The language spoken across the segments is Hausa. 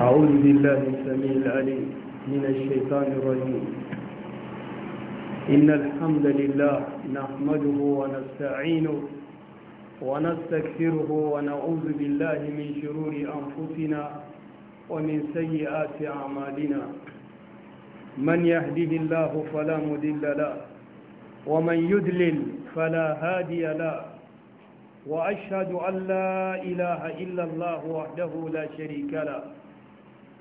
أعوذ بالله السميع العليم من الشيطان الرجيم إن الحمد لله نحمده ونستعينه ونستكثره ونعوذ بالله من شرور أنفسنا ومن سيئات أعمالنا من يهده الله فلا مدل له ومن يدلل فلا هادي له وأشهد أن لا إله إلا الله وحده لا شريك له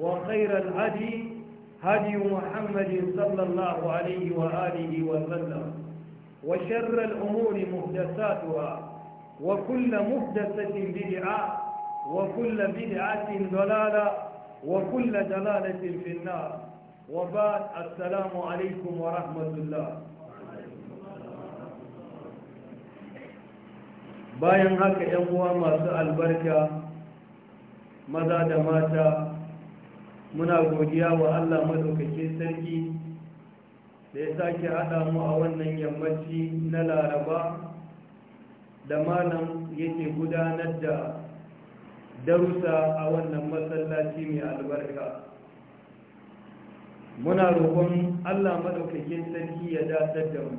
وخير الهدي هدي محمد صلى الله عليه وآله وسلم وشر الأمور مهدساتها وكل مهدسة بدعة وكل بدعة ضلالة وكل دلالة في النار وبعد السلام عليكم ورحمة الله باين هكا يقوى ما سأل بركة ماذا دماتا muna godiya wa allah madaukake sarki da ya sake haɗa mu a wannan yammaci na laraba da malam yake gudanar da darussa a wannan masallaci mai albarka muna roƙon allah maɗaukakin sarki ya datar da mu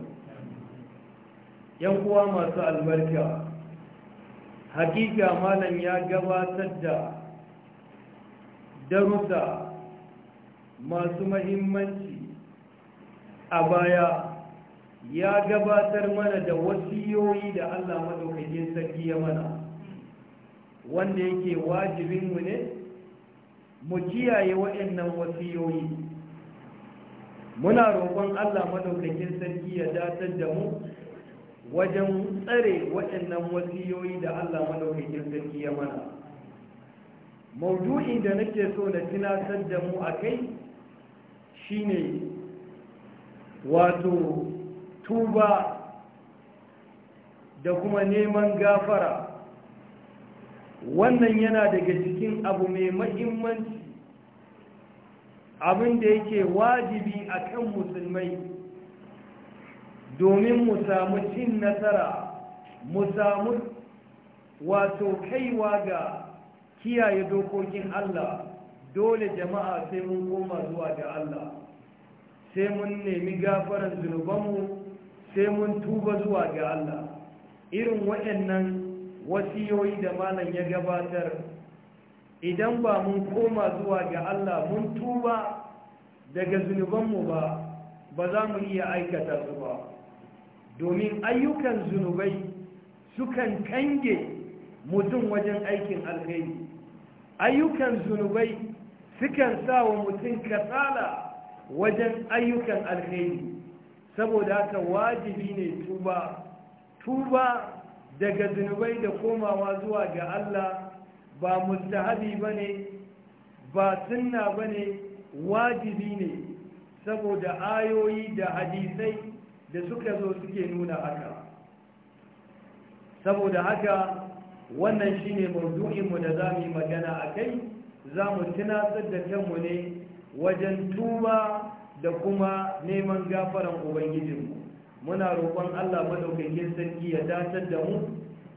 yan uwa masu albarka hakika malam ya gabatar da darussa masu mahimmanci a baya ya gabatar mana da wasiyoyi da Allah madaukakin sarki ya mana wanda yake wajibinmu ne mu kiyaye waɗannan wasiyoyi muna roƙon Allah madaukakin sarki ya datar da mu wajen tsare waɗannan wasiyoyi da Allah madaukakin sarki ya mana maudu'in da nake so na tunatar da mu a kai shine wato tuba da kuma neman gafara wannan yana daga cikin abu mai mahimmanci abin da yake wajibi a kan musulmai domin mu samu cin nasara mu samu wato kaiwa ga kiyaye dokokin Allah dole jama'a sai mun koma zuwa ga Allah sai mun nemi gafaran zunubanmu sai mun tuba zuwa ga Allah irin waɗannan wasiyoyi da malam ya gabatar idan ba mun koma zuwa ga Allah mun tuba daga zunubanmu ba ba za mu iya aikata su ba domin ayyukan zunubai sukan kange mutum wajen aikin alkhairi ayyukan zunubai sukan sa wa mutum kasala wajen ayyukan alheri saboda haka wajibi ne tuba tuba daga zunubai da komawa zuwa ga Allah ba mustahabi ba ne, ba sunna ba ne, wajibi ne saboda ayoyi da hadisai da suka zo suke nuna haka saboda haka wannan shine mu da za mu yi magana a kai za mu tunatsar da kanmu ne wajen tuba da kuma neman gafaran ubangijinmu muna roƙon allah maɗaukakin sarki ya datar da mu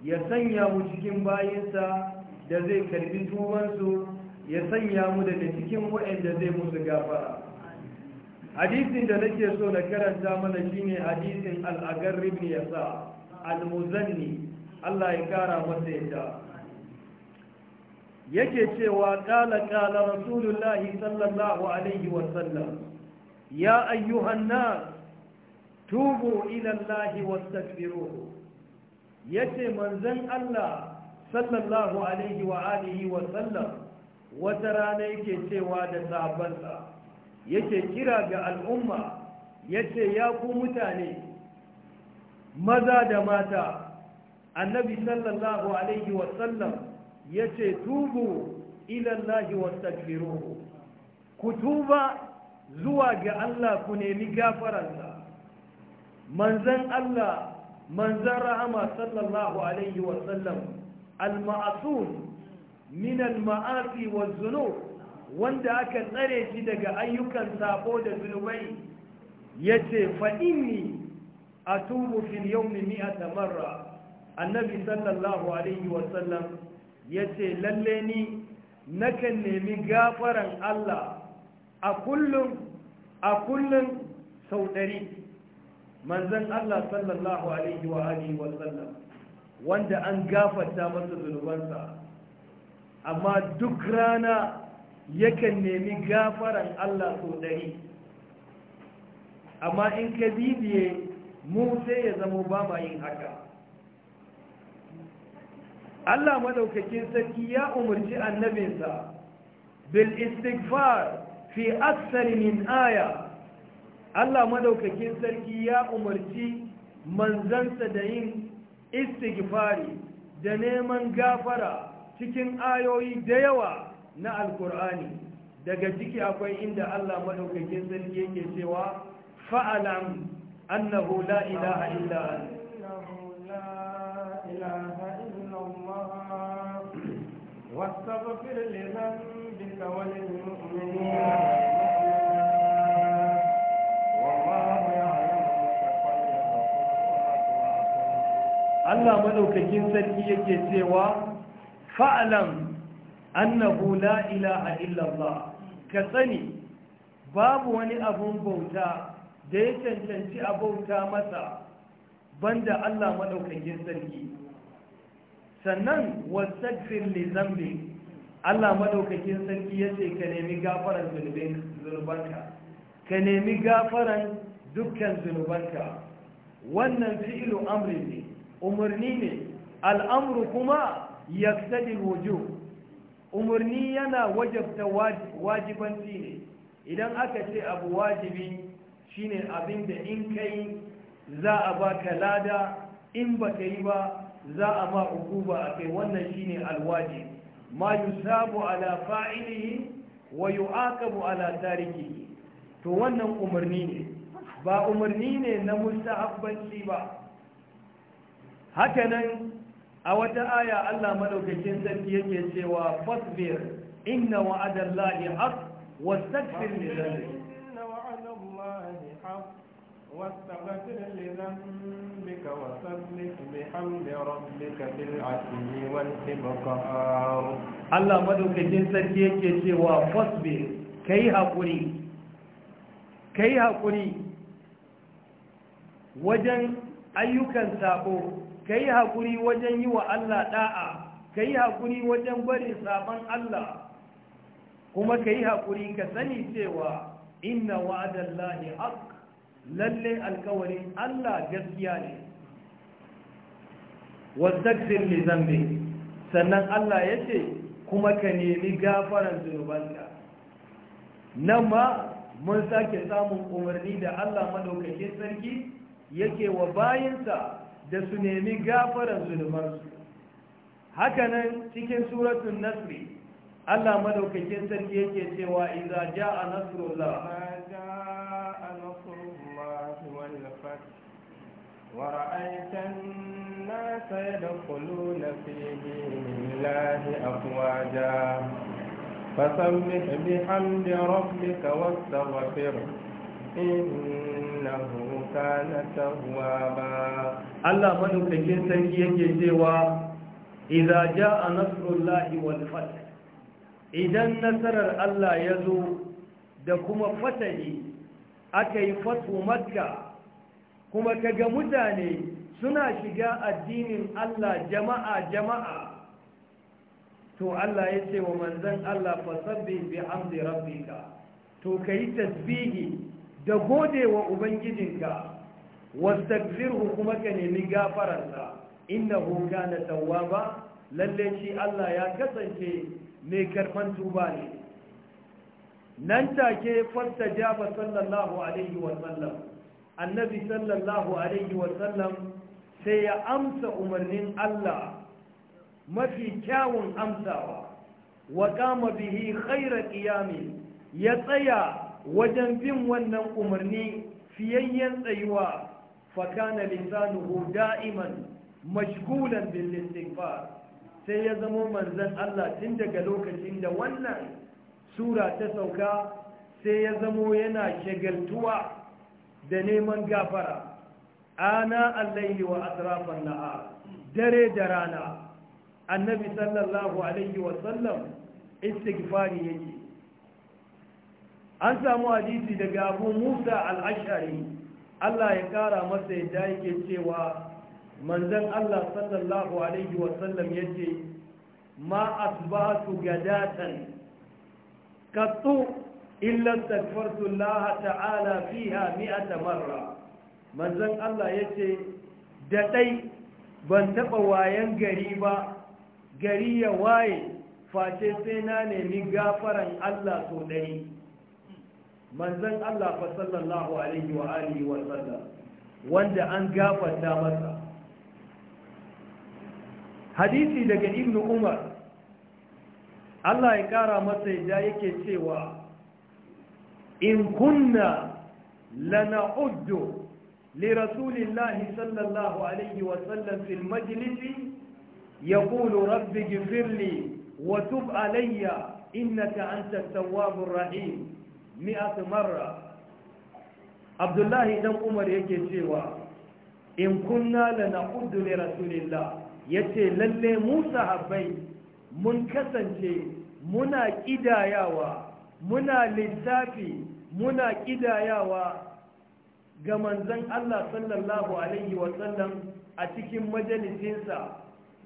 ya sanya mu cikin bayinsa da zai karbi tubansu ya sanya mu daga cikin waɗanda zai musu gafara hadisin da nake so na karanta mana shine hadisin al'agar ya yasa al-muzanni allah ya kara masa yadda yake cewa "Ƙala, ƙala, rasulullahi sallallahu alaihi wasallam ya ayyuhan nas tubu ila allahi wastaghfiruhu yace manzon Allah sallallahu alaihi wa alihi wasallam wata rana yake cewa da sabansa yake kira ga al'umma yace ya ku mutane maza da mata annabi sallallahu alaihi wasallam ya ce tubu ilallahi wastaghfiruhu ku tuba zuwa ga Allah ku nemi gafararsa manzan Allah manzan rahama sallallahu alaihi wasallam al-ma'asun min al-ma'asi wa zunub wanda aka tsare shi daga ayyukan sabo da zunubai yace fa a atubu fil yawmi mi'ata marra annabi sallallahu alaihi wasallam ya ce lalle ni nakan nemi gafaran Allah a kullum a kullum sau ɗari manzan Allah sallallahu alaihi wa alihi wa sallam wanda an gafarta masa zunubansa amma duk rana yakan nemi gafaran Allah sau ɗari amma in ka bibiye mu sai ya zama ba yin haka Allah madaukakin sarki ya umarci annabinsa bil istighfar fi aksar min aya Allah madaukakin sarki ya umarci manzansa da yin istighfari da neman gafara cikin ayoyi da yawa na alkur'ani daga ciki akwai inda Allah madaukakin sarki yake cewa fa'alam annahu la ilaha illa واستغفر لذنبك وللمؤمنين والله يعلم متقلبكم yake cewa fa'alan annahu la ilaha illa ka sani babu wani abun bauta da ya cancanci a bauta masa banda Allah madaukakin sarki sannan wasaghfir li zambi Allah madaukakin sarki yace ka nemi gafaran zunubanka ka nemi gafaran dukkan zunubanka wannan fi'ilu amri ne umarni ne al'amru kuma yaktadi wujub umarni yana wajabta wajibanci ne idan aka ce abu wajibi shine abin da in kai za a baka lada in baka yi ba za a ma uguba a kai wannan shine alwaji ma yusabu ala fa'ilihi wa yu'aqabu ala tarikihi to wannan umarni ne ba umarni ne na mustahabbanci ba haka nan a wata aya Allah madaukakin sarki yake cewa fasbir inna wa'adallahi haqq wastaghfir li dhanbi inna wa'adallahi haqq واستغفر لذنبك وسبح بحمد ربك بالعشي والإبقار الله مدوك جنسا كيكي شوى فاصبر كيها قري كيها قري وجن أيكا سابو كيها قري وجن يوى الله داء كيها قري وجن بري سابا الله كما كيها قري كسني شوى إن وعد الله حق lalle alkawari Allah gaskiya ne wasaffir li zambi sannan Allah yace kuma ka nemi gafaran zunubanka nan ma mun sake samun umarni da Allah madaukakin sarki yake wa bayinsa da su nemi gafaran zunubansu hakanan cikin suratul nasri Allah madaukakin sarki yake cewa idza jaa nasrullah ورأيت الناس يدخلون في دين الله أفواجا فسبح بحمد ربك واستغفر إنه كان توابا الله من تكين سنجيك سوى إذا جاء نصر الله والفتح إذا نصر الله يزور da kuma fatahi aka yi fatu makka kuma kaga mutane suna shiga addinin Allah jama'a jama'a to Allah ya ce wa manzan Allah fasabbi bi hamdi rabbika to kai tasbihi da gode wa ubangijinka wastaghfirhu kuma ka nemi gafararsa innahu kana tawwaba lalle shi Allah ya kasance mai karfan tuba ne nan take fastajaba sallallahu alaihi wa sallam annabi sallallahu alaihi wasallam sai ya amsa umarnin Allah mafi kyawun amsawa wa kama bihi khaira qiyami ya tsaya wajen bin wannan umarni fiyayyen tsayuwa fakana lisanuhu da'iman mashgulan bil istighfar sai ya zama manzon Allah tun daga lokacin da wannan sura ta sauka sai ya zamo yana shagaltuwa da neman gafara ana allaili wa atrafan na'ar dare da rana annabi sallallahu alaihi wasallam istighfari yake an samu hadisi daga abu musa al'ashari allah ya kara masa yadda yake cewa manzan allah sallallahu alaihi wasallam ya ce ma asbatu gadatan kattu illa astaghfartu Allah ta'ala fiha mi'ata marra manzon Allah yace da dai ban taɓa wayan gari ba gari ya waye face sai na nemi gafaran Allah so dai manzon Allah fa sallallahu alaihi wa alihi wa sallam wanda an gafarta masa hadisi daga ibnu umar Allah ya kara masa ya yake cewa in kunna lana uddu li rasulillahi sallallahu alaihi wa sallam fil majlisi yaqulu rabbi ighfirli wa tub alayya innaka antat tawwabur rahim mi'at marra abdullahi dan umar yake cewa in kunna lana uddu li rasulillah yace lallai Musa sahabbai mun kasance muna kidayawa muna littafi muna ƙidayawa ga manzan Allah sallallahu Alaihi wasallam a cikin majalisinsa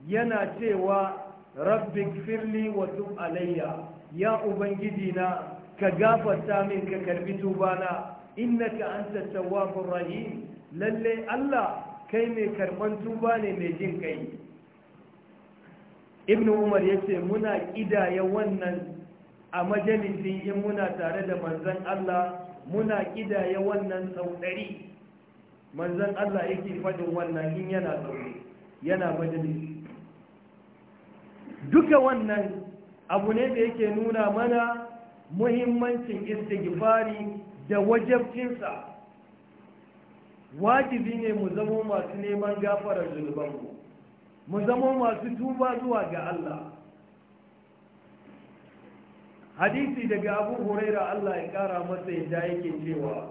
yana cewa rabbik firli wa tub alayya ya ubangiji na ka gafarta min ka karbi tubana innaka anta tawwabur rahim lalle Allah kai mai karban tuba ne mai jin kai ibnu umar yace muna kidaya wannan a majalisin in muna tare da manzan Allah muna kidaya wannan sau ɗari manzan Allah yake faɗin wannan in yana zaune yana majalisi duka wannan abu ne da yake nuna mana muhimmancin istighfari da wajabcinsa wajibi ne mu zamo masu neman gafarar zunubanmu mu zamo masu tuba zuwa ga Allah hadisi daga abu huraira Allah ya kara masa yadda yake cewa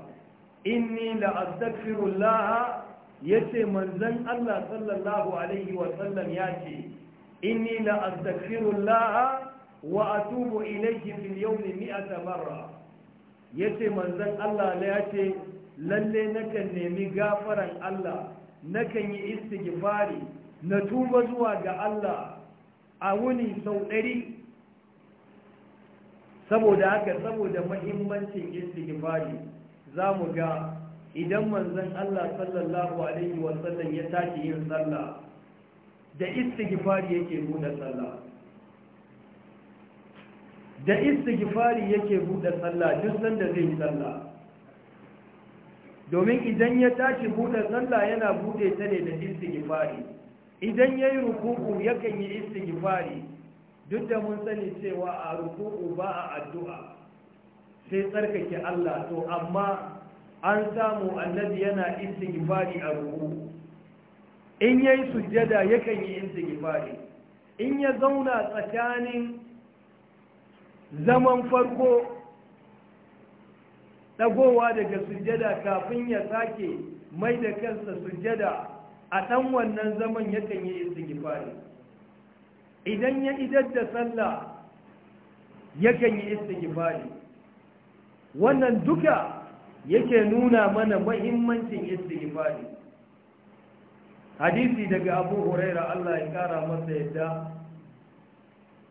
inni la astaghfirullah yace manzon Allah sallallahu alaihi wa sallam yace inni la astaghfirullah wa atubu ilayhi fil yawmi mi'ata marra yace manzon Allah la yace lalle nakan nemi gafaran Allah nakan yi istighfari na tuba zuwa ga Allah a wuni sau ɗari saboda haka saboda mahimmancin istighfari za mu ga idan manzon Allah sallallahu alaihi sallam ya tashi yin sallah da istighfari yake buɗe sallah da istighfari yake buɗe sallah duk sanda zai yi sallah domin idan ya tashi buɗe sallah yana buɗe ta ne da istighfari idan yayi ruku'u yakan yi istighfari duk da mun sani cewa a ruku'u ba a addu'a sai tsarkake Allah to amma an samu annabi yana istighfari a ruku in yayi sujjada yakan yi istighfari in ya zauna tsakanin zaman farko dagowa daga sujjada kafin ya sake mai da kansa sujjada a ɗan wannan zaman yakan yi istighfari idan ya idar da sallah yakan yi istighfari wannan duka yake nuna mana mahimmancin istighfari hadisi daga abu huraira Allah ya kara masa yadda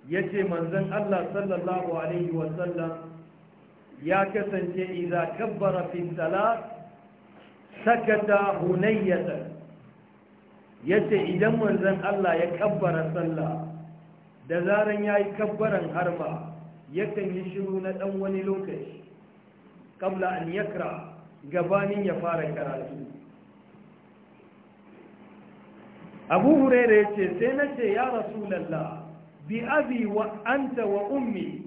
yace manzon Allah sallallahu alaihi wasallam ya kasance idza kabbara fi salat sakata ya yace idan manzon Allah ya kabbara sallah da zaran ya yi kabbaran harma yakan yi shiru na ɗan wani lokaci kabla an yakra gabanin ya fara karatu abu hurere ce sai na ce ya rasu lalla, bi abi wa anta wa ummi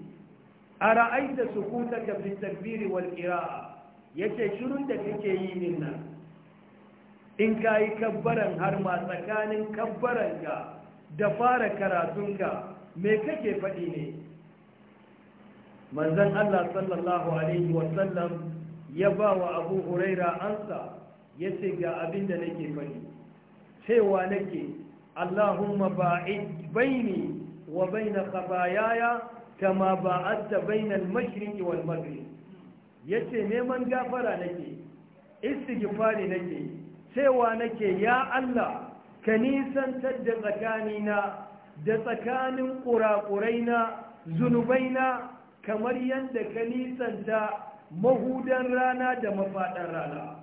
a ra'aita su kuta ka fi wal ƙira'a ya ce shirin da kake yi min nan in ka yi kabbaran harma tsakanin kabbaran ga da fara karatunka me kake faɗi ne manzon Allah sallallahu alaihi wasallam ya ba wa abu huraira ansa ya ce ga abin da nake faɗi cewa nake allahumma ba'id baini wa baina khabayaya kama ba'adta bainal mashriqi wal maghrib yace neman gafara nake istighfari nake cewa nake ya Allah ka nisantar da tsakanina da tsakanin ƙuraƙuraina zunubaina kamar yadda ka nisanta mahudan rana da mafaɗan rana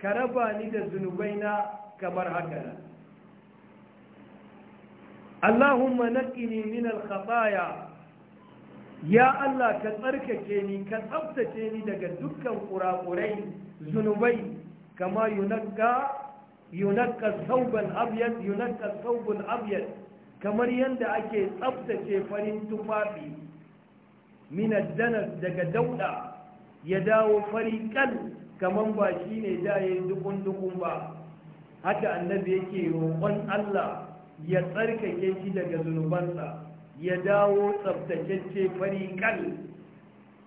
ka raba ni da zunubaina kamar haka Allahumma naqini min al ya Allah ka tsarkake ni ka tsabtace ni daga dukkan ƙuraƙurai zunubai kama yunagga yunakka sauban abyad yunakka saubun abyad kamar yadda ake tsabtace farin tufafi min daga dauda ya dawo fari kan kamar ba shi ne da ya dukun dukun ba haka annabi yake roƙon Allah ya tsarkake shi daga zunubansa ya dawo tsabtacecce fari kan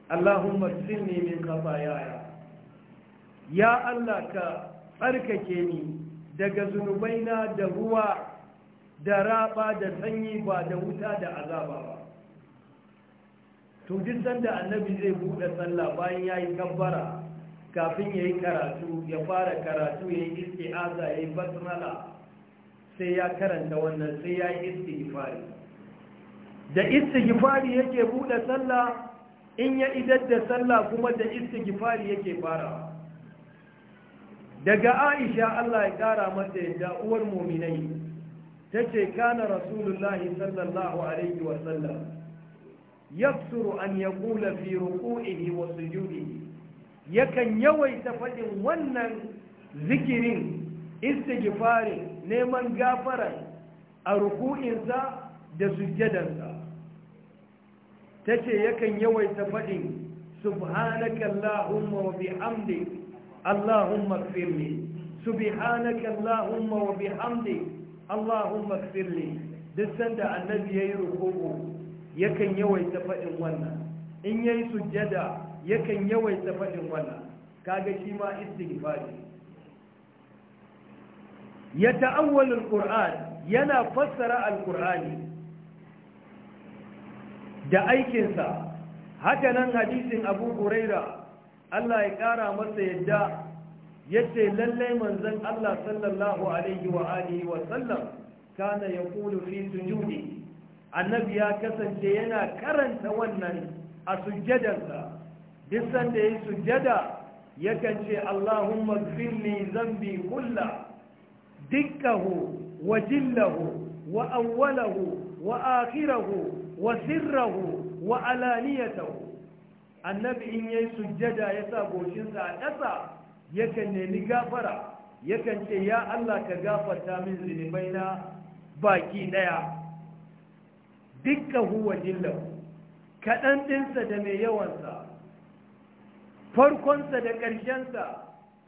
Allahumma silni min khataaya ya Allah ka tsarkake ni daga zunubai na da ruwa da raba da sanyi ba da wuta da azaba ba to sanda annabi zai buɗe sallah bayan ya yi gabbara kafin ya yi karatu ya fara karatu ya yi isti'aza ya yi basmala sai ya karanta wannan sai ya yi da istighfari yake buɗe sallah in ya idar da sallah kuma da istighfari yake farawa daga aisha Allah ya kara mata yadda uwar muminai ta ce kana rasulullahi sallallahu alaihi wasallam yaksuru an ya kula fi ruku'ihi wa sujudihi yakan yawaita faɗin wannan zikirin istighfarin neman gafarar, a ruku'insa da sujjadansa ta ce yakan yawaita faɗin subhanakallahumma wa bihamdika اللهم اغفر لي سبحانك اللهم وبحمدك اللهم اغفر لي duk sanda annabi yayi ruku'u yakan yawaita fadin wannan in yayi sujjada yakan yawaita faɗin wannan kaga shi ma istighfari ya ta'awwal alquran yana fassara alqurani da aikinsa haka nan hadisin abu huraira Allah ya ƙara masa yadda ya ce lallai manzan Allah sallallahu alaihi wa alihi wa sallam kana ya kulu fi sujudi annabi ya kasance yana karanta wannan a sujjadansa duk sanda ya sujjada yakan ce Allahumma gfirli zambi kulla dukkahu wa jillahu wa awwalahu wa akhirahu wa sirrahu wa alaniyatahu annabi in yayi sujjada ya sa goshinsa a ƙasa yakan nemi gafara yakan ce ya Allah ka gafarta min zunubai na baki ɗaya dukkan huwa jillahu kaɗan ɗinsa da mai yawansa farkonsa da ƙarshensa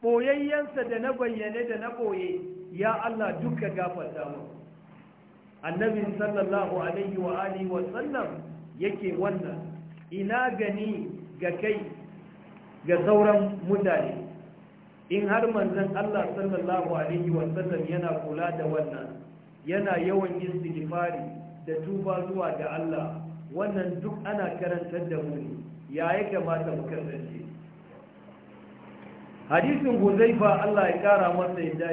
ɓoyayyensa da na bayyane da na ɓoye ya Allah duka gafarta mu annabin sallallahu alaihi wa alihi wa sallam yake wannan ina gani ga kai ga sauran mutane in har manzon Allah sallallahu alaihi wasallam yana kula da wannan yana yawan istighfari da tuba zuwa ga Allah wannan duk ana karantar da mu ne ya yi kamata mu kasance hadisin huzaifa Allah ya kara masa yadda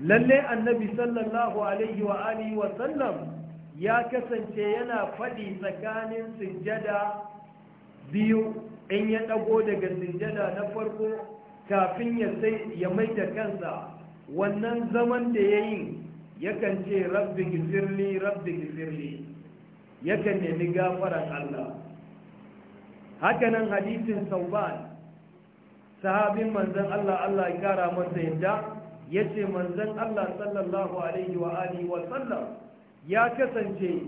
lalle annabi sallallahu alaihi wa alihi wa sallam ya kasance yana fadi tsakanin sujjada biyu in ya ɗago daga sinjada na farko kafin ya sai ya mai da kansa wannan zaman da ya yi yakan ce rabbi gizirli rabbi gizirli yakan nemi gafaran Allah hakanan hadisin sauban sahabin manzan Allah Allah ya kara masa yadda ya ce manzan Allah sallallahu alaihi wa alihi wa ya kasance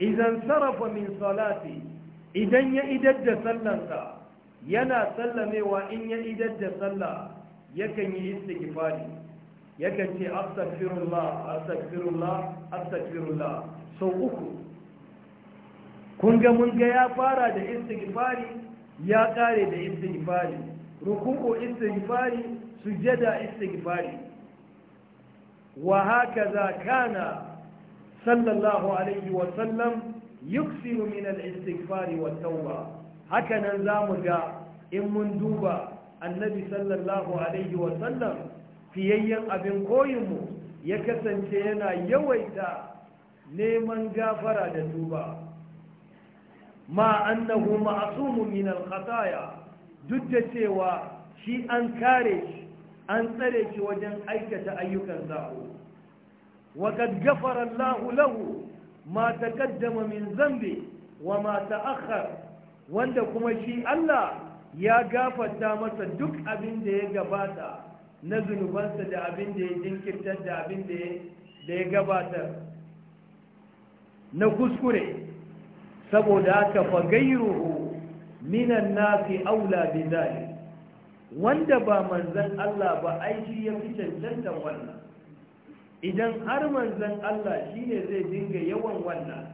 idan sarrafa min salati idan ya idar da sallansa yana sallamewa in ya idar da sallah yakan yi istighfari yakan ce astaghfirullah astaghfirullah astaghfirullah sau uku kun ga mun ga ya fara da istighfari ya kare da istighfari ruku'u istighfari sujada istighfari wa hakaza kana sallallahu alaihi wa sallam yuksiru min al-istighfari wa tauba haka nan zamu ga in mun duba annabi sallallahu alaihi wa sallam fiyayyen abin koyinmu ya kasance yana yawaita neman gafara da duba. ma annahu ma'asumun min al-khataya duk da cewa shi an kare shi an tsare shi wajen aikata ayyukan zaɓo wa kad gafara Allahu lahu ma taqaddama min zambi wa ma ta'akhkhar wanda kuma shi Allah ya gafarta masa duk abin da ya gabata na zunubansa da abin da ya jinkirta da abin da ya gabata na kuskure saboda haka fagairuhu minan nafi aula bizali wanda ba manzan Allah ba ai shi ya fi cancantar wannan idan har manzan Allah shi ne zai dinga yawan wannan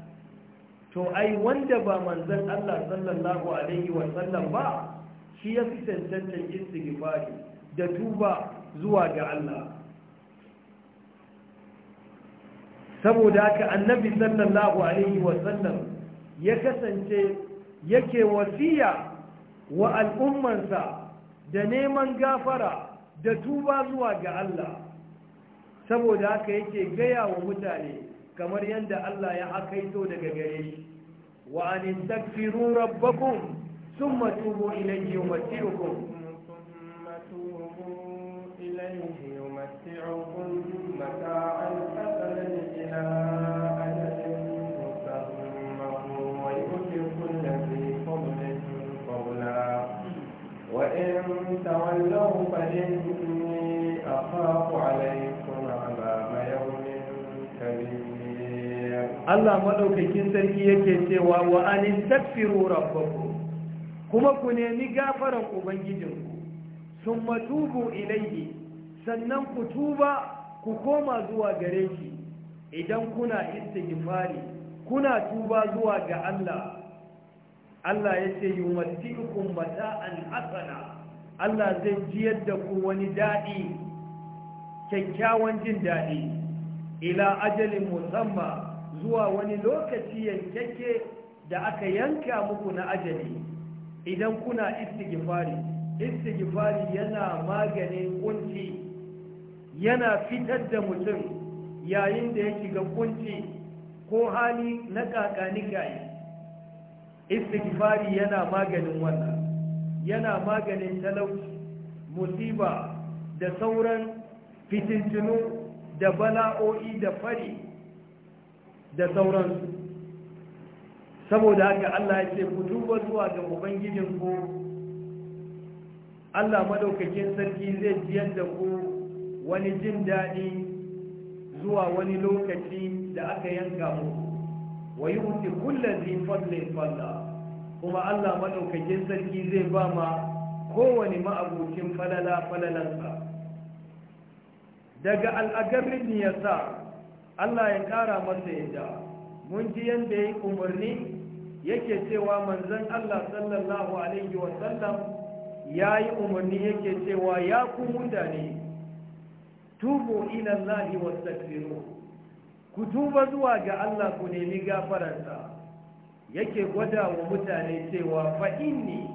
to ai wanda ba manzan Allah sallallahu alaihi wasallam ba shi ya fi tantancin istighfari da tuba zuwa ga Allah saboda haka annabi sallallahu alaihi wasallam ya kasance yake wasiya wa al'ummansa da neman gafara da tuba zuwa ga Allah saboda haka yake gaya wa mutane kamar yadda Allah ya hakaito daga gare shi wa an istaghfiru rabbakum thumma tubu ilayhi yumatti'ukum thumma tubu ilayhi yumatti'ukum mata'an hasanan ila ajalin musamman wa yu'tiku alladhi fadlin qawla wa in tawallaw fa inni akhafu Allah madaukakin sarki yake cewa wa anin rabbakum kuma ku nemi gafaran ubangijinku sun matubu ilaihi sannan ku tuba ku koma zuwa gare shi idan kuna istighfari kuna tuba zuwa ga Allah Allah yace ce yumatti'ukum mata'an hasana Allah zai jiyar da ku wani daɗi kyakkyawan jin daɗi ila ajalin musamman zuwa wani lokaci yankake da aka yanka muku na ajali idan kuna istighfari istighfari yana maganin kunci yana fitar da mutum yayin da ya shiga kunci ko hali na kakanika istighfari yana maganin wannan yana maganin talauci musiba da sauran fitintunu da bala'o'i da fari da sauransu saboda haka Allah ya ce ku duba zuwa ga ubangijin ku, Allah madaukakin sarki zai jiyar da ku wani jin daɗi zuwa wani lokaci da aka yanka mu wa yi wuce zi fadlin falla kuma Allah madaukakin sarki zai ba ma kowane ma'abucin falala falalansa daga al'agarin ya sa Allah ya kara masa yadda mun ji yadda ya yi umarni yake cewa manzon Allah sallallahu alaihi wasallam ya yi umarni yake cewa ya ku mutane tubu ila Allah wastaghfiru ku tuba zuwa ga Allah ku nemi gafararsa yake gwada wa mutane cewa fa inni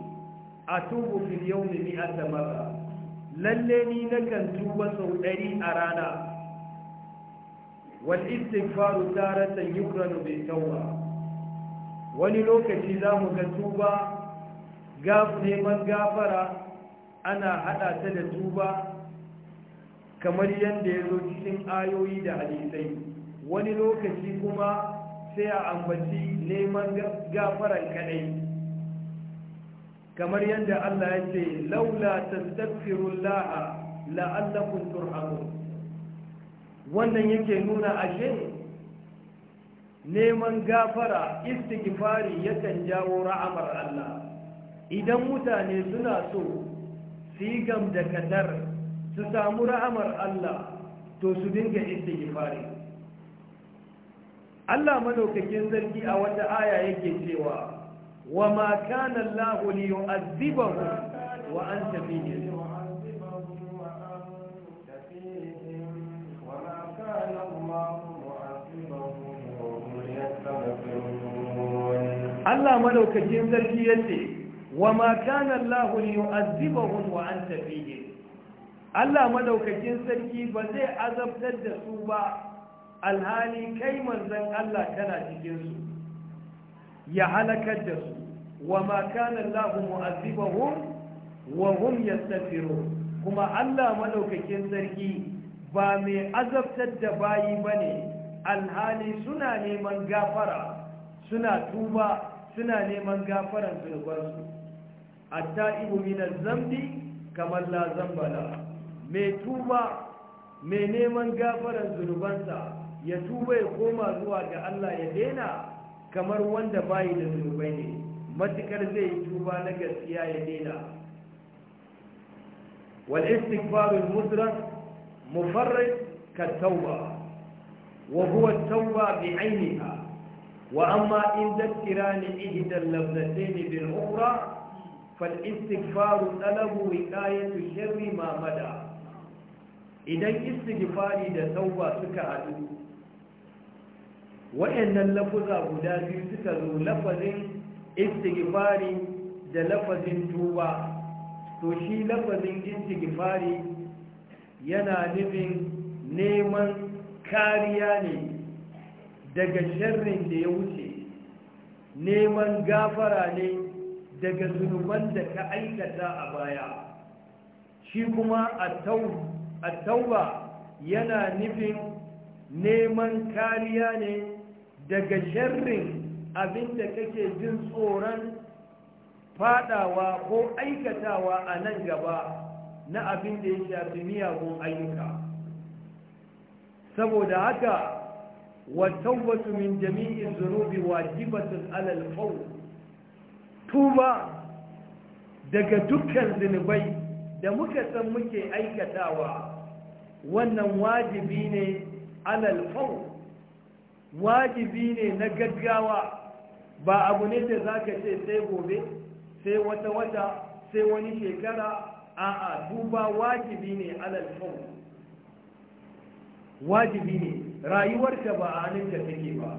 atubu fil yawmi mi'ata marra lalle ni nakan tuba sau ɗari a rana والاستغفار تارة يقرن بالتوبة wani lokaci za mu ga tuba neman gafara ana hada ta da tuba kamar yadda ya zo cikin ayoyi da hadisai wani lokaci kuma sai a ambaci neman gafaran kadai kamar yadda Allah ya ce laula tastaghfirullaha la'allakum turhamun wannan yake nuna ashe neman gafara istighfari yakan jawo ra'amar Allah idan mutane suna so su yi gam da kadar su samu ra'amar Allah to su dinga istighfari Allah madaukakin zargi a wata aya yake cewa wa ma kana Allah li yu'adhibahum wa anta fihim Allah madaukakin sarki yace wa ma kana Allah liyu'azzibahum wa anta fihi Allah madaukakin sarki ba zai azabtar da su ba alhali kai manzon Allah kana cikin su ya halakar da su wa ma kana Allah mu'azzibahum wa hum yastaghfirun kuma Allah madaukakin sarki ba mai azabtar da bayi bane alhali suna neman gafara suna tuba suna neman gafaran zunubansu A ibu minar zambi kamar la zambala mai tuba mai neman gafaran zunubansa ya tuba ya koma zuwa ga Allah ya dena kamar wanda bayi da zunubai ne matukar zai yi tuba na gaskiya ya dena wal istighfarul mudrak mufarrid ka tauba wa huwa tauba bi ainiha وأما إن ذكران إحدى اللفظتين بالأخرى فالاستغفار طلب وقاية الشر ما مدى إذا استغفاري da tauba suka haɗu Waɗannan lafuza guda biyu suka zo lafazin istighfari da lafazin tuba to shi lafazin istighfari yana nufin neman kariya ne daga sharrin da ya wuce neman gafara ne daga zunuban da ka aikata a baya shi kuma a tauba yana nufin neman kariya ne daga sharrin abinda kake jin tsoron fadawa ko aikatawa a nan gaba na abin da ya shafi miyagun ayyuka saboda haka والتوبة من جميع الذنوب واجبة على القول توبة daga dukkan zunubai da muka san muke aikatawa wannan wajibi ne alal wajibi ne na gaggawa ba abu ne da zaka ce sai gobe sai wata wata sai wani shekara a'a duba wajibi ne alal wajibi ne rayuwarka ba a hannunka take ba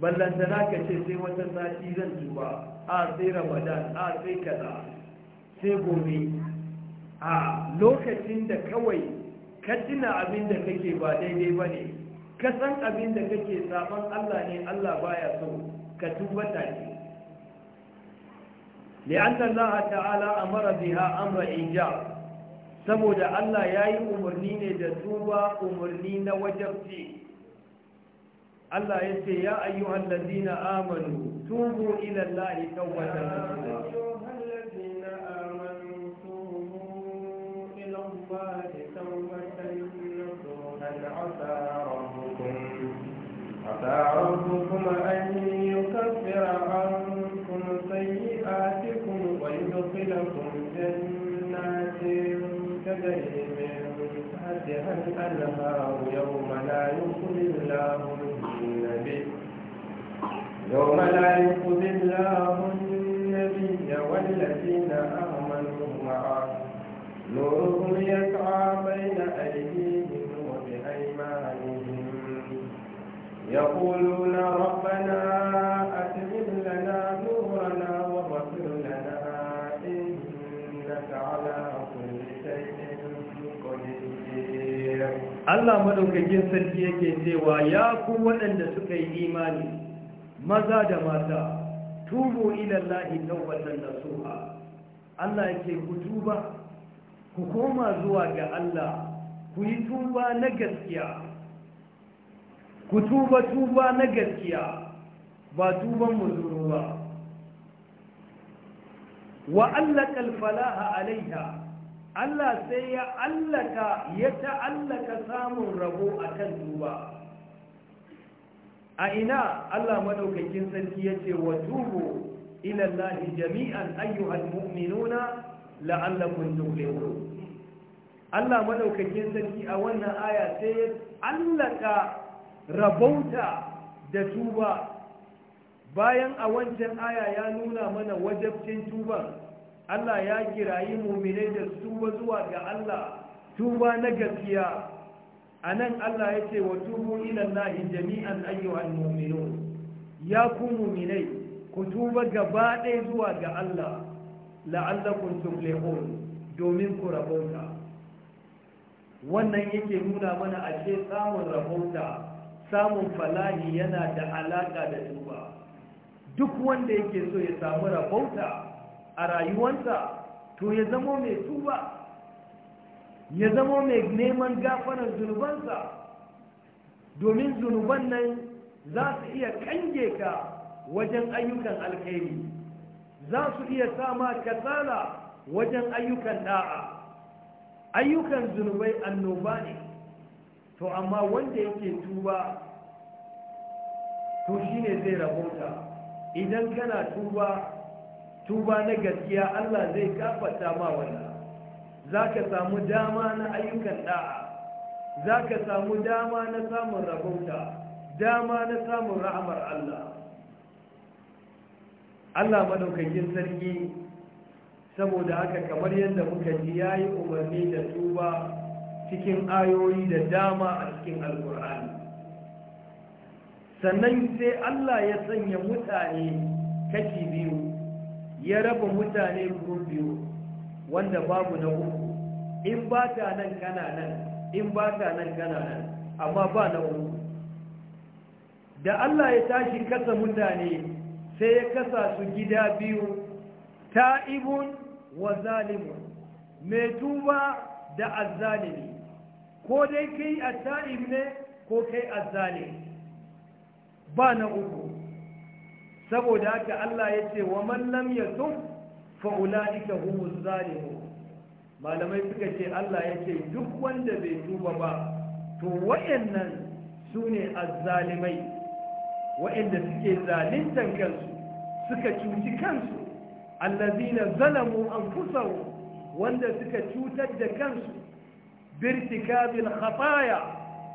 ballanta na ka ce sai wata sati zan tuba a sai ramadan a sai kaza sai gobe a lokacin da kawai ka tuna abin da kake ba daidai ba ne ka san abin da kake saban allah ne allah baya so ka tuba ne لأن الله تعالى أمر بها أمر إيجاب saboda Allah ya yi umarni ne da tuba umarni na wajabci Allah ya ce ya ayyuhan lazina amanu tubu ila Allah tawbatan nasuha ربكم أن يكفر عنكم سيئاتكم ويدخلكم تحتها الأنهار يوم لا يخزي الله النبي يوم لا يخزي الله النبي والذين آمنوا معه نورهم يسعى بين أيديهم وبأيمانهم يقولون ربنا Allah madaukakin sarki yake cewa ya ku waɗanda suka yi imani maza da mata tubu ila Allah tawbatan nasuha Allah yake ku tuba ku koma zuwa ga Allah ku yi tuba na gaskiya ku tuba tuba na gaskiya ba tuban muzuru ba wa allaka alfalaha alaiha Allah sai ya allaka ya ta'allaka samun rabo a kan duba a ina Allah maɗaukakin sarki yace wa tubo, ila jami'an ayyuhal mu'minuna la'allakum tuflihun Allah maɗaukakin sarki a wannan aya sai ya allaka rabauta da tuba bayan a wancan aya ya nuna mana wajabcin tuban Allah ya kirayi muminai da su tuba zuwa ga Allah tuba na gaskiya a nan Allah ya ce wa tubu ilallahi jami'an ayyuhan mu'minun ya ku muminai ku tuba gaba ɗaya zuwa ga Allah la'allakum tuflihun domin ku rabauta wannan yake nuna mana ce samun rabauta samun falahi yana da alaka da tuba duk wanda yake so ya samu rabauta a rayuwarsa to ya zamo mai tuba ya zamo mai neman gafarar zunubansa domin zunuban nan za su iya kange ka wajen ayyukan alkhairi za su iya sama kasala wajen ayyukan da'a ayyukan zunubai annoba ne to amma wanda yake tuba to ne zai rabota idan kana tuba tuba na gaskiya Allah zai gafarta ma wannan za ka samu dama na ayyukan da'a za ka samu dama na samun rabauta dama na samun ra'amar Allah Allah madaukakin sarki saboda haka kamar yadda muka ji ya yi umarni da tuba cikin ayoyi da dama a cikin alkur'ani sannan sai Allah ya sanya mutane kashi ya raba mutane gurun biyu wanda babu na uku in ba ta nan kana nan in ba ta nan kana nan amma ba na uku da Allah ya tashi kasa mutane sai ya kasa su gida biyu ta'ibun wa zalimun mai tuba da azzalimi ko dai kai a ta'ib ne ko kai azzalimi ba na uku saboda haka Allah ya ce wa man lam yasum fa ulaika humuz zalimun malamai suka ce Allah ya ce duk wanda bai tuba ba to wayannan su ne azzalimai wayanda suke zalintan kansu suka cuci kansu allazina zalamu anfusahum wanda suka cutar da kansu birtikabil khataya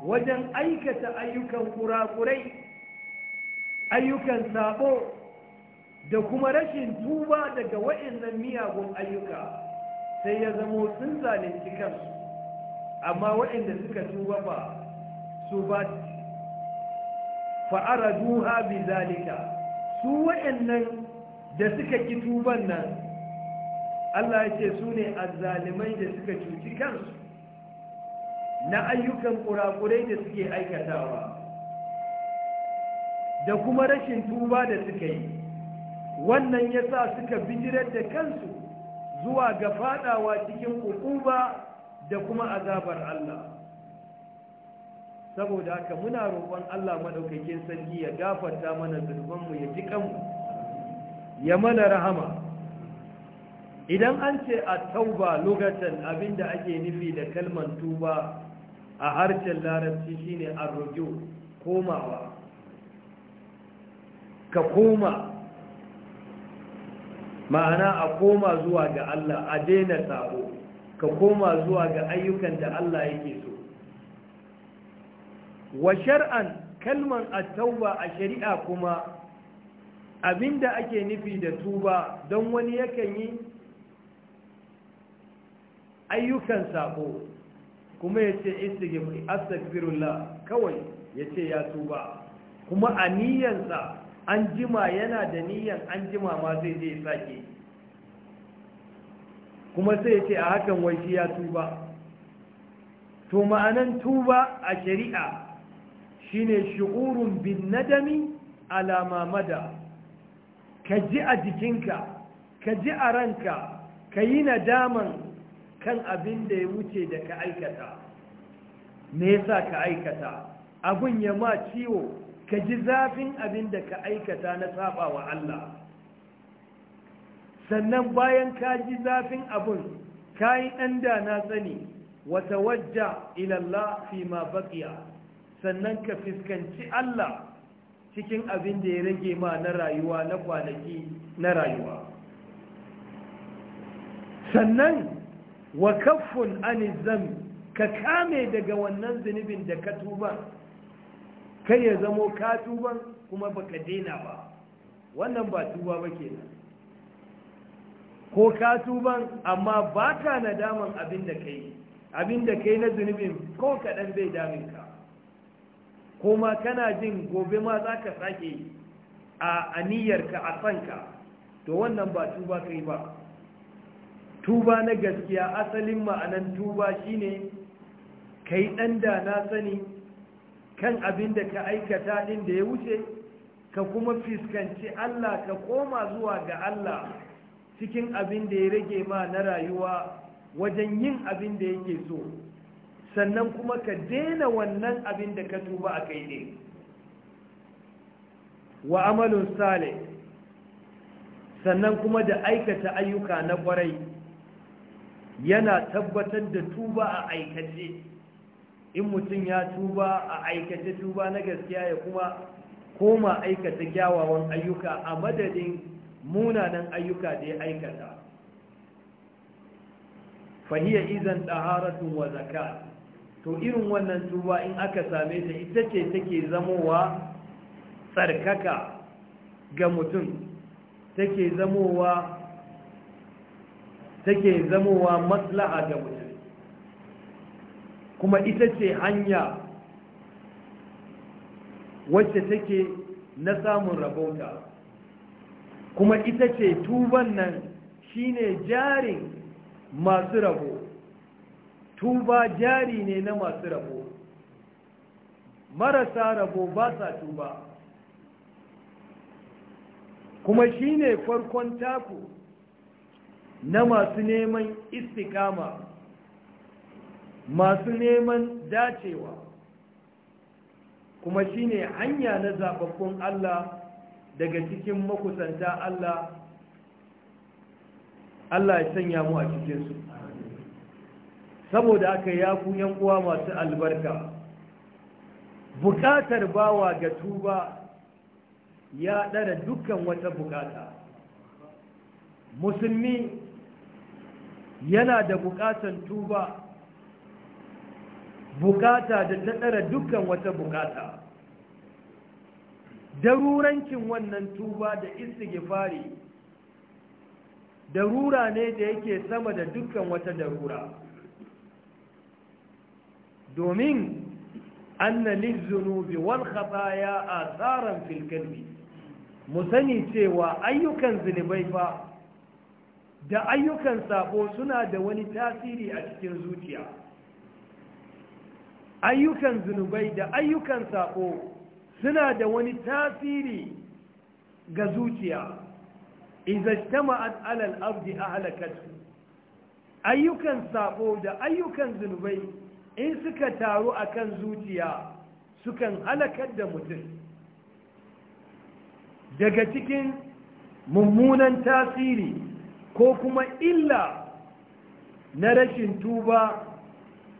wajen aikata ayyukan kurakurai ayyukan sabo da kuma rashin tuba daga waɗannan miyagun ayyuka sai ya zamo sun zalunci kansu amma waɗanda suka tuba ba su ba duha bi zalika su waɗannan da suka ki tuban nan Allah ya ce su ne azzalimai da suka cuci kansu na ayyukan kurakurai da suke aikatawa da kuma rashin tuba da suka yi wannan ya sa suka bijirar da kansu zuwa ga fadawa cikin ukuba da kuma azabar Allah saboda haka muna roƙon Allah maɗaukakin sarki ya gafarta mana zunubanmu ya ji kanmu ya mana rahama idan an ce a tauba lokacin abinda ake nufi da kalmar tuba a harshen larabci shine arrujo komawa ka koma ma'ana a koma zuwa ga Allah a daina sabo ka koma zuwa ga ayyukan da Allah yake so wa shar'an kalman at-tauba a shari'a kuma abinda ake nufi da tuba don wani yakan yi ayyukan sabo kuma ya ce kawai ya ce ya tuba kuma a sa. an jima yana da niyan an jima ma zai je sake kuma sai ce a hakan wai shi ya tuba to ma'anan tuba a shari'a shine shu'urun bin nadami alama mada ka ji a jikinka ka ji a ranka ka yi nadaman kan abin da ya wuce da ka aikata me yasa ka aikata Abun ya ma ciwo ka ji zafin abin da ka aikata na saba wa Allah sannan bayan ka ji zafin abun ka yi ɗan da na sani wata wajja ilallah fi ma baƙiya sannan ka fiskanci Allah cikin abin da ya rage ma na rayuwa na kwanaki na rayuwa sannan wa kaffun anizam ka kame daga wannan zunubin da ka tuba kai ya zamo ka tuban kuma baka daina ba wannan ba tuba ba ke nan. ko ka tuban amma ba ka nadaman abin da kai abin da kai na zunubin ko kaɗan bai damin ka ko ma kana jin gobe ma za ka sake a aniyarka a sanka to wannan ba tuba kai ba tuba na gaskiya asalin ma'anan tuba shine kai ɗan da na sani kan abin da ka aikata din da ya wuce ka kuma fiskanci Allah ka koma zuwa ga Allah cikin abin da ya rage ma na rayuwa wajen yin abin da yake so sannan kuma ka daina wannan abin da ka tuba a kai ne wa amalin sale sannan kuma da aikata ayyuka na kwarai yana tabbatar da tuba a aikace in mutum ya tuba a aikace tuba na gaskiya ya kuma koma aikata kyawawan ayyuka a madadin munanan ayyuka da ya aikata fahiyar izan ɗaharatun wa zaka to irin wannan tuba in aka same ta ita ce take zamowa tsarkaka ga mutum take zamowa take maslaha ga mutum kuma ita ce hanya wacce take na samun rabauta kuma ita ce tuban nan shine jarin masu rabo tuba jari ne na masu rabo marasa rabo ba sa tuba kuma shine farkon taku na masu neman istikama masu neman dacewa kuma shine hanya na zababbun Allah daga cikin makusanta Allah Allah ya sanya mu a cikinsu saboda aka ya ku uwa masu albarka bukatar bawa ga tuba ya ɗara dukkan wata bukata musulmi yana da bukatar tuba bukata da ta tsara dukkan wata bukata darurancin wannan tuba da fari, darura ne da yake sama da dukkan wata darura domin anna lizunubi wal khataya atharan fil qalbi mu sani cewa ayyukan zunubai fa da ayyukan sabo suna da wani tasiri a cikin zuciya ayyukan zunubai da ayyukan saƙo suna da wani tasiri ga zuciya izajtama'at alal abdi ahlakatu ayyukan sako da ayyukan zunubai in suka taru a kan zuciya sukan halakar da mutum daga cikin mummunan tasiri ko kuma illa na rashin tuba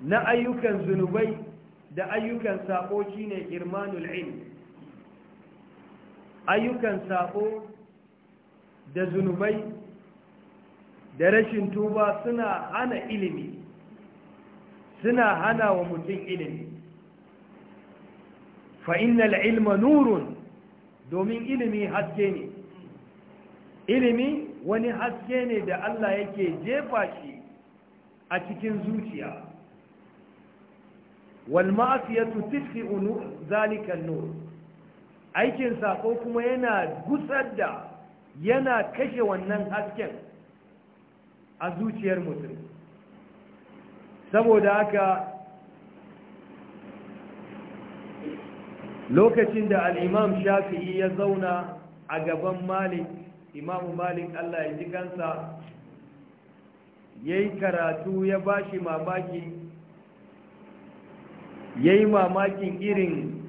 na ayyukan zunubai da ayyukan sako shine irmanul ilm ayyukan sako da zunubai da rashin tuba suna hana ilimi suna hana wa mutum ilimi fa'innal ilma nurun domin ilimi haske ne ilimi wani haske ne da Allah yake jefa shi a cikin zuciya wal ma'asiyatu tudfi'u nur zalika nur aikin saƙo kuma yana gusar da yana kashe wannan hasken a zuciyar mutum saboda haka lokacin da al'imam shafi'i ya zauna a gaban malik imamu malik allah ya ji kansa ya yi karatu ya bashi mamaki ya yi mamakin irin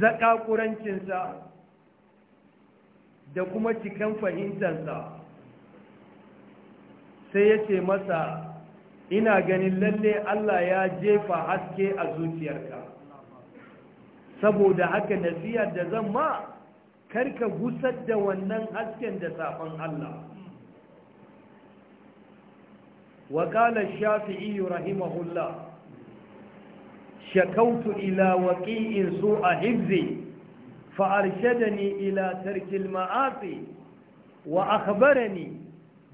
zaƙaƙurancinsa da kuma cikin fahimtansa sai ya ce masa ina ganin lalle Allah ya jefa haske a zuciyarka saboda haka nasiyar da zan ma karka gusar da wannan hasken da safan Allah wa qala shafi'i rahimahullah shakautu ila waƙi'i su a hibzi fa’arshada ni ila tarkil ma’afi wa akhbara ni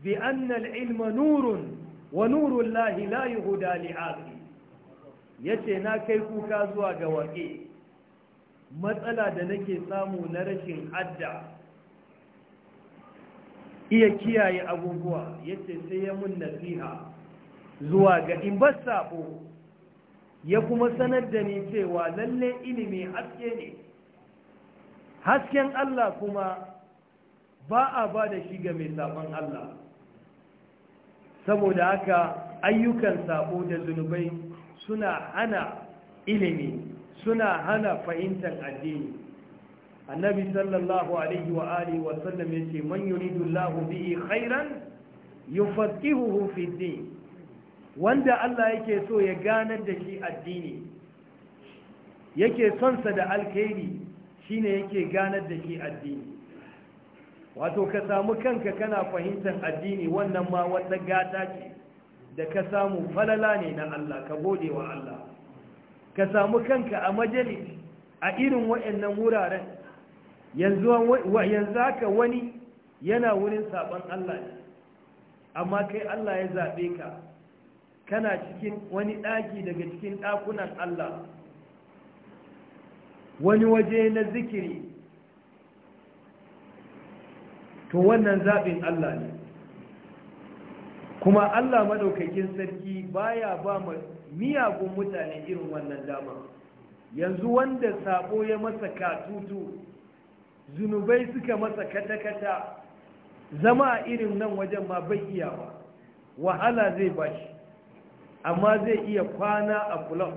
bi annal ilma nurun wa nurun lahi layi huda ya ce na kai kuka zuwa ga waƙi matsala da nake samu na rashin adda iya kiyaye abubuwa ya ce sai yamun nasiha zuwa ga in ba sabo ya kuma sanar da ni cewa lalle ilimi haske ne hasken Allah kuma ba a ba da shi ga mai sabon Allah saboda haka ayyukan sabo da zunubai suna hana ilimi suna hana fahimtar addini annabi sallallahu alaihi wa alihi wa sallam yace man yuridu Allahu bihi khairan yufaqihuhu fi din wanda Allah yake so ya ganar da shi addini yake sonsa da alkhairi shine yake ganar da shi addini wato ka samu kanka kana fahimtar addini wannan ma wata gata ce da ka samu falala ne na Allah ka gode wa Allah ka samu kanka a majalis a irin waɗannan wuraren yanzu haka wani yana wurin saban Allah ne amma kai Allah ya zaɓe ka tana cikin wani ɗaki daga cikin ɗakunan Allah wani waje na zikiri to wannan zaɓin Allah ne kuma Allah maɗaukakin sarki baya ba mu miyagun mutane irin wannan dama yanzu wanda sabo ya masa katutu zunubai suka masa kata-kata zama irin nan wajen ma bai iya ba wahala zai bashi amma zai iya kwana a kulan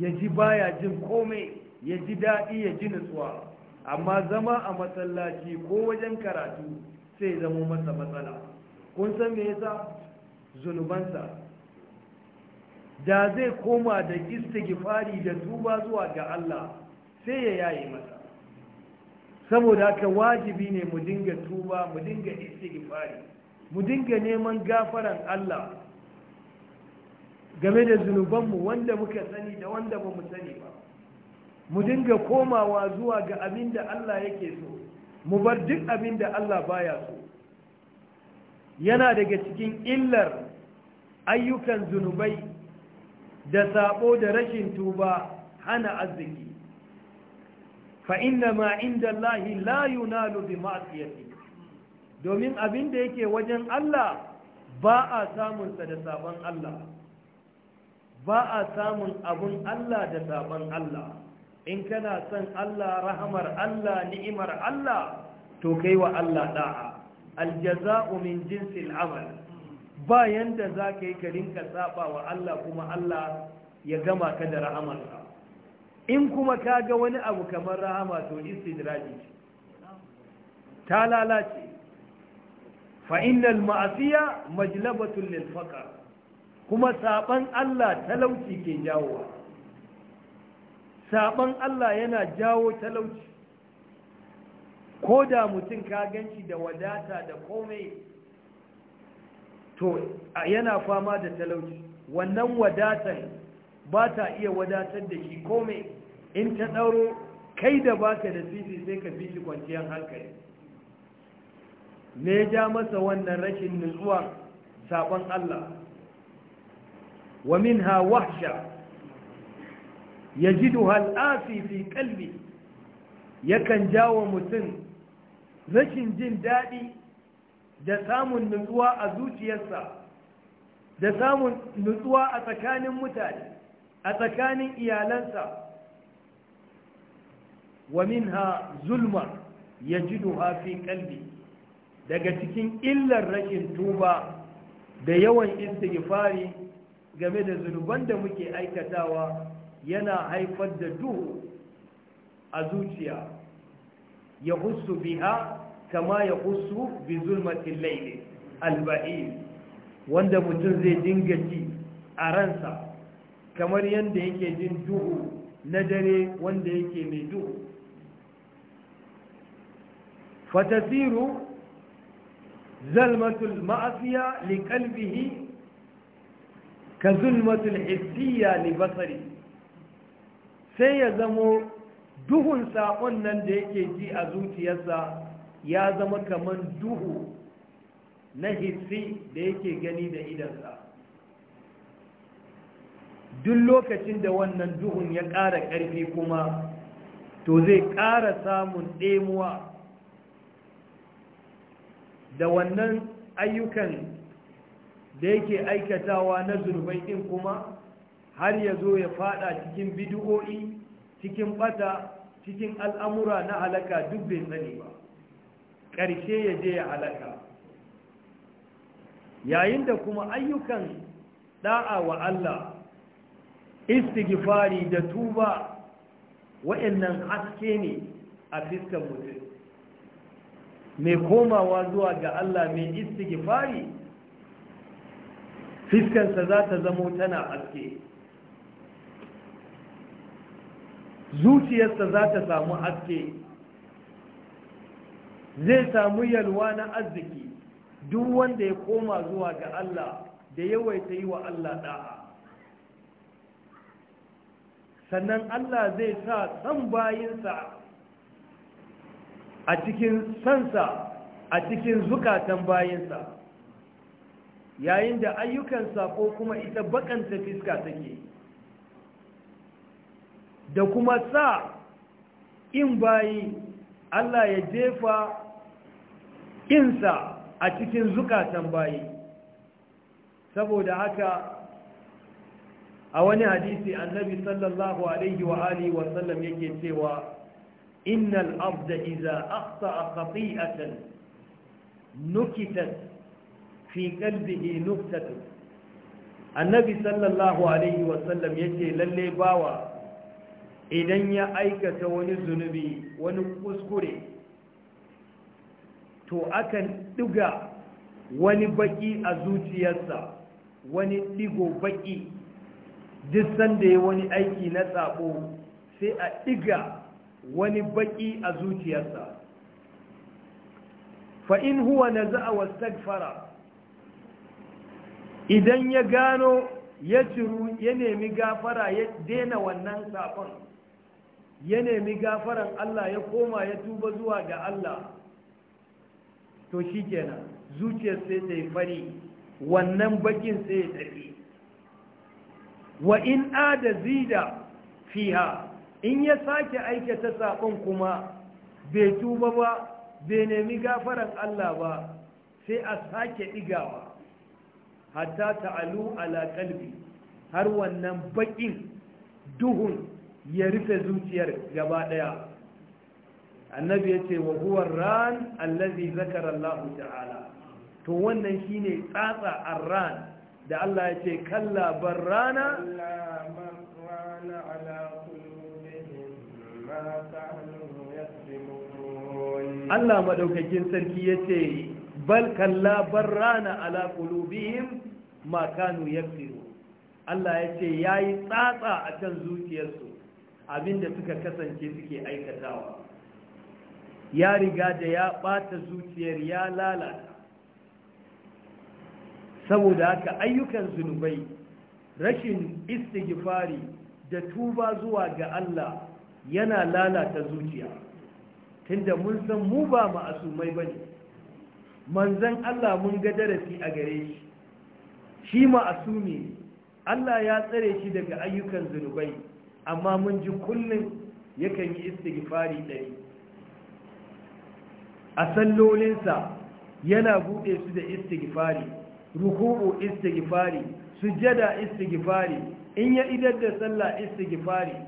ya ji baya jin komai ya ji daɗi ya ji nutsuwa amma zama a matsalaci ko wajen karatu sai zama masa matsala kun san me yasa zunubansa da zai koma da istighfari da tuba zuwa ga Allah sai ya yaye masa saboda haka wajibi ne mu dinga tuba mu dinga istighfari mu dinga neman gafaran Allah game da zunubanmu wanda muka sani da wanda ba mu sani ba mu dinga komawa zuwa ga abin da Allah yake so mu bar duk abin da Allah baya so yana daga cikin illar ayyukan zunubai da sabo da rashin tuba hana arziki fa inna ma inda Allah la yunalu bi ma'siyati domin abin da yake wajen Allah ba a samunsa da sabon Allah ba a samun abun Allah da saban Allah in kana son Allah rahamar Allah ni'imar Allah to kai wa Allah da'a aljaza'u min jinsil amal ba yanda za ka yi ka rinka saba wa Allah kuma Allah ya gama ka da rahamarsa in kuma ka ga wani abu kamar rahama to istidraji ta lalace Fa'inal ma'asiya majlabatul lil faqr kuma saban Allah talauci ke jawowa saban Allah yana jawo talauci ko da mutum ka ganci da wadata da komai to yana fama da talauci wannan wadatar ba ta iya wadatar da shi komai in ta tsaro kai da baka da sisi sai ka fi shi kwanciyar hankali me ja masa wannan rashin nutsuwa sabon Allah ومنها وحشة يجدها الآفي في قلبه يكن جاو متن رشن جن دادي دسام النزوى أزوج يسا دسام النزوى أتكان متالي أتكان إيالنسا ومنها ظلمة يجدها في قلبه daga cikin illar rashin tuba da yawan istighfari game da zunuban da muke aikatawa yana haifar da duhu a zuciya ya husu biha kama ya husu bi zulmatin laili alba'in wanda mutum zai dinga ji a ransa kamar yadda yake jin duhu na dare wanda yake mai duhu fatasiru zalmatul ma'afiya li kalbihi ka zulmatul hissiya ne basari sai ya zamo duhun saƙon nan da yake ji a zuciyarsa ya zama kamar duhu na hissi da yake gani da idansa duk lokacin da wannan duhun ya ƙara ƙarfi kuma to zai ƙara samun ɗemuwa da wannan ayyukan da yake aikatawa na zurbai ɗin kuma har ya zo ya fada cikin bidu'o'i cikin bata cikin al'amura na halaka duk bai sani ba ƙarshe ya je ya halaka yayin da kuma ayyukan da'a wa Allah istighfari da tuba wa'annan haske ne a fiskan mutum mai komawa zuwa ga Allah mai istighfari fiskansa za ta zamo tana haske zuciyarsa za ta samu haske zai samu yalwa na arziki duk wanda ya koma zuwa ga Allah da yawaita yi wa Allah da'a sannan Allah zai sa san bayinsa a cikin sansa a cikin zukatan bayinsa yayin da ayyukan sako kuma ita bakanta fiska take da kuma sa in bayi Allah ya jefa insa a cikin zukatan bayi saboda haka a wani hadisi annabi sallallahu alaihi wa alihi wa sallam yake cewa innal abda idza akhta khati'atan nukitat fi qalbihi nuqtatu annabi sallallahu alaihi wasallam yake lalle bawa idan ya aikata wani zunubi wani kuskure to akan diga wani baki a zuciyarsa wani digo baki duk sanda ya wani aiki na tsabo sai a diga wani baki a zuciyarsa fa in huwa naza'a wastaghfara idan ya gano ya ciru ya nemi gafara ya dena wannan safon ya nemi gafaran Allah ya koma ya tuba zuwa ga Allah to shi kenan zuciyar sai ta yi fari wannan bakin sai ya tafi wa in ada zida fiha in ya sake aikata saƙon kuma bai tuba ba bai nemi gafaran Allah ba sai a sake ɗigawa hatta ta'alu ala kalbi har wannan bakin duhun ya rufe zuciyar gaba daya annabi ya ce wa huwa ran allazi zakara ta'ala to wannan shine tsatsa arran da Allah ya ce kalla bar rana Allah madaukakin sarki ya ce bal kalla barrana ala qulubihim ma kanu yakfiru Allah ya ce yayi tsatsa a kan zuciyarsu abinda suka kasance suke aikatawa ya riga da ya bata zuciyar ya lalata saboda haka ayyukan zunubai rashin istighfari da tuba zuwa ga Allah yana lalata zuciya tunda mun san mu ba ma'asumai bane manzan Allah mun ga darasi a gare shi shi ma'asumi Allah ya tsare shi daga ayyukan zunubai amma mun ji kullum yakan yi istighfari dai a sallolinsa yana bude su da istighfari ruku'u istighfari sujjada istighfari in ya idar da sallah istighfari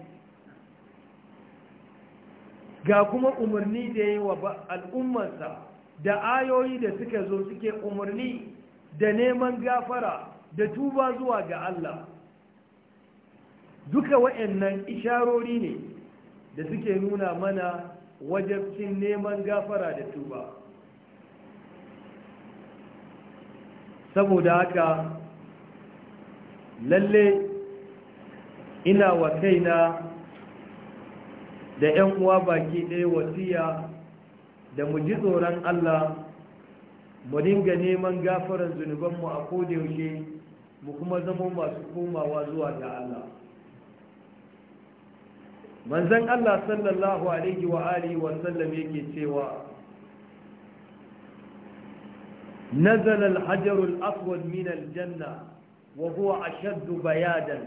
ga kuma umarni da yayi wa al'ummarsa da ayoyi da suka zo suke umarni da neman gafara da tuba zuwa ga Allah duka wa'annan isharori ne da suke nuna mana wajabcin neman gafara da tuba saboda haka lalle ina wa kaina da 'yan uwa baki ɗaya wasiya da mu ji tsoron Allah mu dinga neman gafaran zunubanmu a kodayaushe mu kuma zama masu komawa zuwa ga Allah manzan Allah sallallahu alaihi wa alihi wa sallam yake cewa نزل الحجر الأسود Janna, الجنة وهو أشد بيادا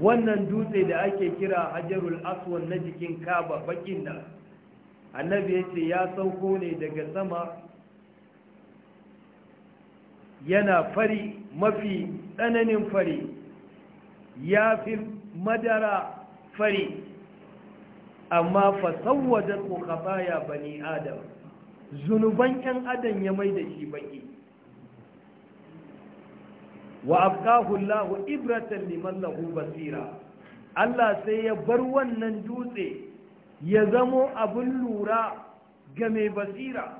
wannan dutse da ake kira hajarul aswad na jikin kaba bakin nan annabi ya ce ya sauko ne daga sama yana fari mafi tsananin fari ya fi madara fari amma fasawwadar ya bani adam zunuban 'yan adam ya mai da shi baƙi. wa afkahu Allahu ibratan liman lahu basira Allah sai ya bar wannan dutse ya zamo abin lura ga mai basira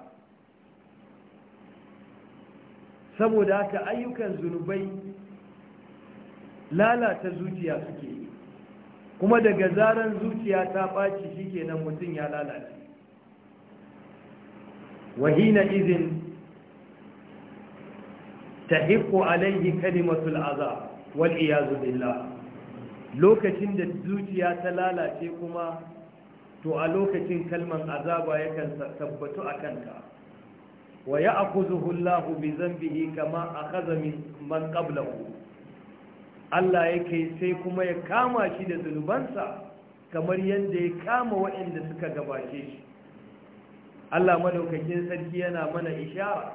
saboda haka ayyukan zunubai lalata zuciya suke kuma daga zaran zuciya ta ɓaci shi kenan mutum ya lalace wahina izin tahiqqu alaihi kalimatul azab wal iyazu billah lokacin da zuciya ta lalace kuma to a lokacin kalman azaba yakan tabbatu a kanka wa ya akuzuhu Allah bi zambihi kama a min man qablahu Allah yake sai kuma ya kama shi da zunubansa kamar yadda ya kama waɗanda suka gabace shi Allah madaukakin sarki yana mana ishara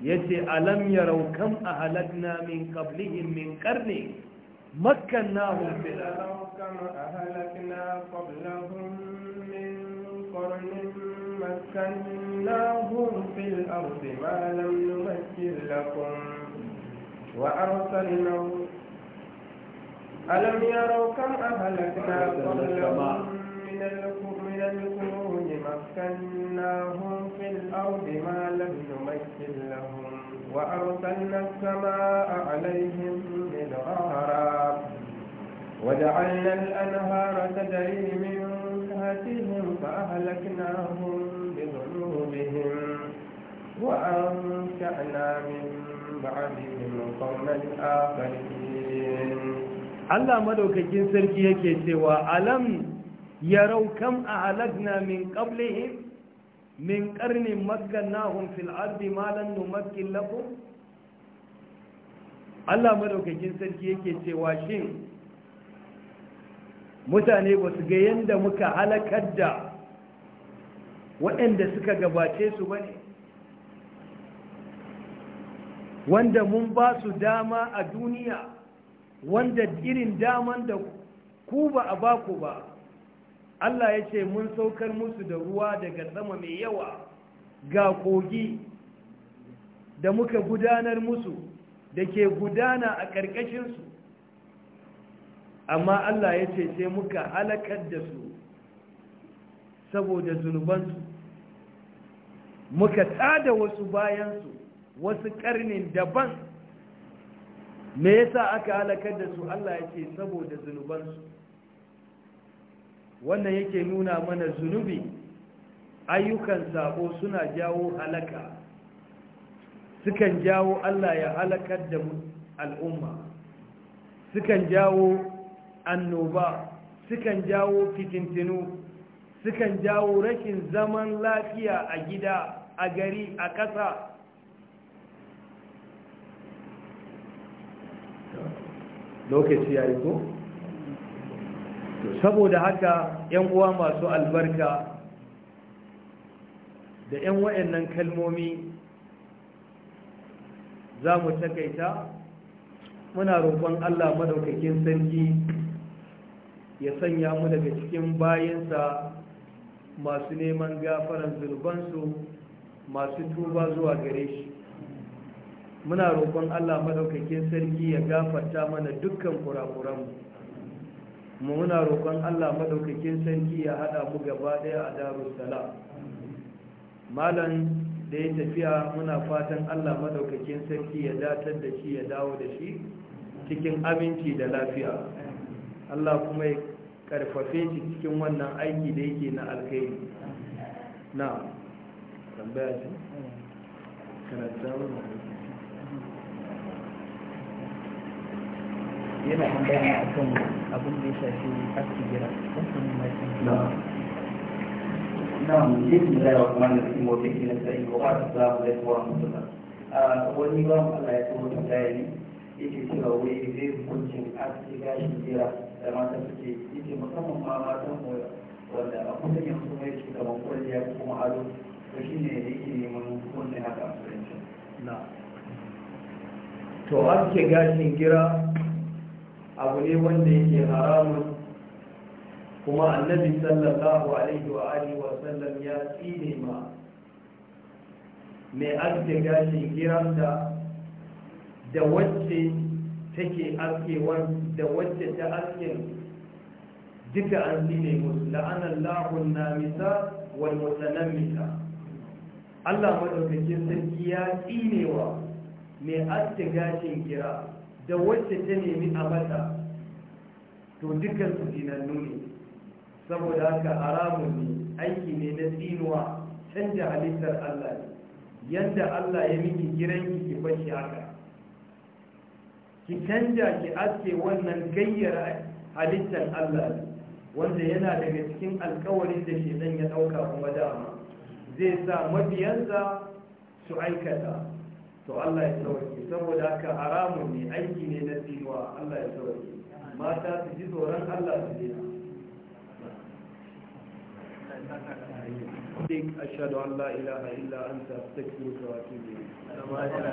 yace alam raukan a ahlakna min qablihim min qarni مكناهم في الأرض كم أهلكنا قبلهم من قرن مكناهم في الأرض ما لم نمكن لكم وأرسلنا ألم يروا كم أهلكنا قبلهم من القرون مكناهم في الأرض ما لم نمكن لهم وأرسلنا السماء عليهم مدرارا وجعلنا الأنهار تجري من تحتهم فأهلكناهم بذنوبهم وأنشأنا من بعدهم قوما آخرين الله مدوككين سركي يكي سوى ألم يروا كم أهلكنا من قبلهم min ƙarnin maganahun fil ardi malan numakkin lakum Allah maɗaukakin sarki yake cewa shin mutane ba su ga yadda muka halakar da waɗanda suka gabace su ba ne wanda mun ba su dama a duniya wanda irin daman da ku ba a baku ba Allah ya ce mun saukar musu da ruwa daga sama mai yawa ga kogi da muka gudanar musu da ke gudana a ƙarƙashinsu amma Allah ya ce sai muka halakar da su saboda zunubansu muka tada wasu bayansu wasu ƙarnin daban me yasa aka halakar da su Allah ya ce saboda zunubansu wannan yake nuna mana zunubi ayyukan sabo suna jawo halaka sukan jawo Allah ya halakar da al'umma sukan jawo annoba sukan jawo fitintinu sukan jawo rashin zaman lafiya a gida a gari a ƙasa lokaci ya yi ko? saboda haka yan uwa masu albarka da yan wayannan kalmomi za mu takaita muna roƙon Allah madaukakin sarki ya sanya mu daga cikin bayansa masu neman gafaran zunubansu masu tuba zuwa gare shi muna roƙon Allah madaukakin sarki ya gafarta mana dukkan kurakuranmu mu muna roƙon Allah maɗaukakin sarki ya haɗa mu gaba daya a Darussalam malam da ya tafiya muna fatan Allah maɗaukakin sarki ya datar da shi ya dawo da shi cikin aminci da lafiya Allah kuma ya karfafe shi cikin wannan aiki da yake na alkai na tambaya ce wani yana tambaya a kan abin da ya shafi haske gira kamfanin mafi na mutum da yawa kuma da cikin wata gina sai ba ba ta samu da yawa mutum wani ba Allah ya kuma tambaye ni yake cewa wai zai hukuncin haske gashin gira da mata suke yake musamman ma matan wanda a kusan yanzu mai su kamar kwalliya kuma ado to shi ne yake neman kunne haka a to aske gashin gira abu ne wanda yake haramun kuma annabi sallallahu alaihi wa alihi wa sallam ya tsine ma mai aske gashin giranta da wacce take askewar da wacce ta aske duka an tsine musu la'anar lahun namisa wal mutanamisa Allah madaukakin sarki ya tsinewa mai aske gashin gira da wacce ta nemi a mata to dukkan su dinannu ne saboda haka haramun ne aiki ne na tsinuwa canja halittar Allah ne yadda Allah ya miki kiran ki bashi haka ki canja ki aske wannan gayyar halittar Allah ne wanda yana daga cikin alkawarin da shedan ya ɗauka kuma dama zai sa mabiyansa su aikata to Allah ya sauke saboda haka haramun ne aiki ne na tsinuwa Allah ya sauke mata su ji tsoron Allah su dena أشهد أن لا إله إلا أنت أستغفرك وأتوب إليك